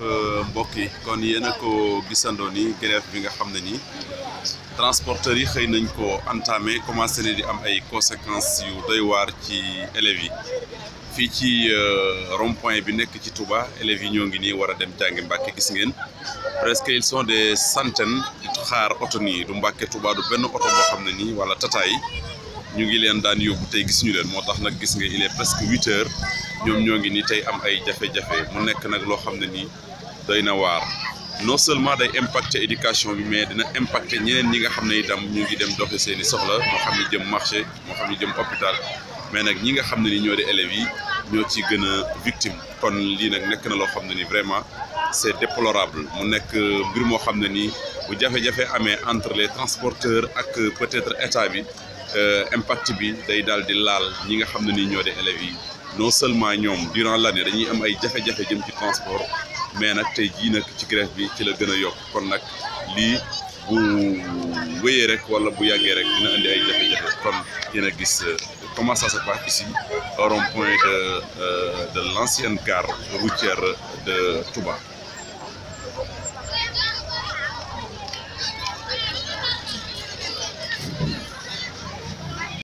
Euh, mbokk yi kon yéen a ko gisandoo ni bi nga xam ne ni transporteurs yi xëy nañ ko entamé commencé na di am ay conséquences yu doy waar ci élèves yi fii ci euh, rond point bi nekk ci tubaa élèves yi ñoo ngi nii war a dem jàngi Mbàkke gis ngeen presque ils sont des centaines di xaar oto nii du Mbàkke Touba du benn oto boo xam na nii wala tata ñu ngi leen daan yóbbu tey gis ñu leen moo tax nag gis nga il est presque huit ñoom ñoo ngi nii tey am ay jafe-jafe mu nekk nag loo xam ne nii doy na waar non seulement day impacter éducation bi mais dina impacter ñeneen ñi nga xam ne itam ñu ngi dem doxe seeni soxla moo xam ne jëm marché moo xam ne jëm hôpital mais nag ñi nga xam ne ni ñoo de élèves yi ñoo ci gën a victime kon lii nag nekk na loo xam na ni vraiment c'est déplorable mu nekk mbir moo xam ne nii bu jafe amee entre les transporteurs ak peut-être état bi Euh, impact bi day daal di laal ñi nga xam ne ni ñoo de élèves yi non seulement ñoom durant l'année dañuy am ay jafe-jafe jëm ci transport mais nag tey jii nag ci grève bi ci la gën a yokk kon nag lii bu wéyee rek wala bu yàggee rek dina indi ay jafe-jafe kon dina gis euh, comment ça se passe ici au rond-point de euh, l'ancienne gare routière de Touba.